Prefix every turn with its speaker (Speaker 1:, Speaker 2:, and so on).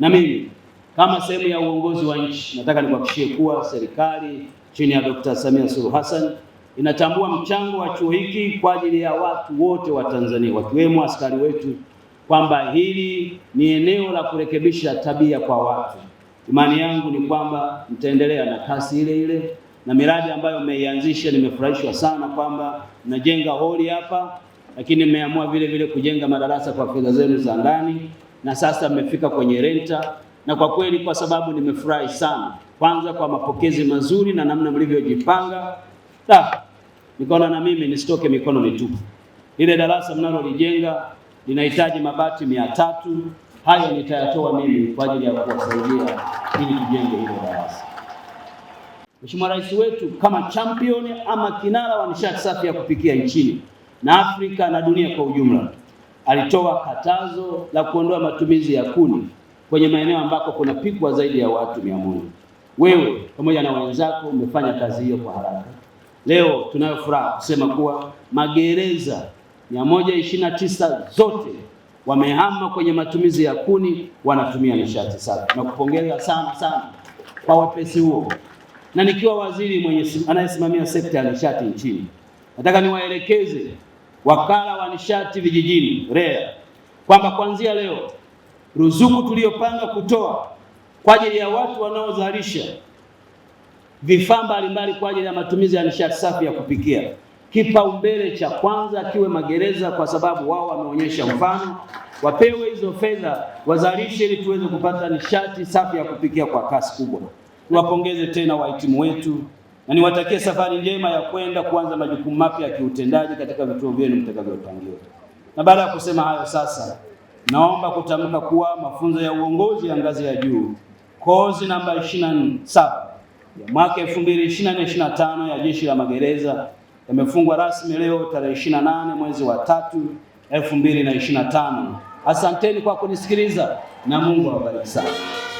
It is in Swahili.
Speaker 1: Na mimi kama sehemu ya uongozi wa nchi, nataka nikuhakikishie kuwa serikali chini ya Dr. Samia Suluhu Hassan inatambua mchango wa chuo hiki kwa ajili ya watu wote wa Tanzania wakiwemo askari wetu, kwamba hili ni eneo la kurekebisha tabia kwa watu. Imani yangu ni kwamba mtaendelea na kasi ile ile na miradi ambayo mmeianzisha. Nimefurahishwa sana kwamba mnajenga holi hapa, lakini mmeamua vile vile kujenga madarasa kwa fedha zenu za ndani na sasa mmefika kwenye renta, na kwa kweli, kwa sababu nimefurahi sana, kwanza kwa mapokezi mazuri na namna mlivyojipanga, da, nikaona na mimi nisitoke mikono mitupu. Lile darasa mnalolijenga linahitaji mabati mia tatu. Hayo nitayatoa mimi kwa ajili ya kuwasaidia ili tujenge hilo darasa. Mheshimiwa Rais wetu kama champion ama kinara wa nishati safi ya kupikia nchini na Afrika na dunia kwa ujumla alitoa katazo la kuondoa matumizi ya kuni kwenye maeneo ambako kuna pikwa zaidi ya watu mia moja. Wewe pamoja na wenzako umefanya kazi hiyo kwa haraka. Leo tunayo furaha kusema kuwa magereza 129 zote wamehama kwenye matumizi ya kuni, wanatumia nishati safi. Nakupongeza sana sana kwa wepesi huo, na nikiwa waziri mwenye anayesimamia sekta ya nishati nchini, nataka niwaelekeze wakala wa nishati vijijini REA kwamba kuanzia leo ruzuku tuliyopanga kutoa kwa ajili ya watu wanaozalisha vifaa mbalimbali kwa ajili ya matumizi ya nishati safi ya kupikia, kipaumbele cha kwanza kiwe magereza, kwa sababu wao wameonyesha mfano, wapewe hizo fedha wazalishe, ili tuweze kupata nishati safi ya kupikia kwa kasi kubwa. Niwapongeze tena wahitimu wetu na niwatakie safari njema ya kwenda kuanza majukumu mapya ya kiutendaji katika vituo vyenu mtakavyopangiwa. Na baada ya kusema hayo, sasa naomba kutamka kuwa mafunzo ya uongozi ya ngazi ya juu kozi namba 27 ya mwaka 2024/25 ya Jeshi la Magereza yamefungwa rasmi leo tarehe 28 mwezi wa tatu 2025. Asanteni kwa kunisikiliza na Mungu awabariki sana.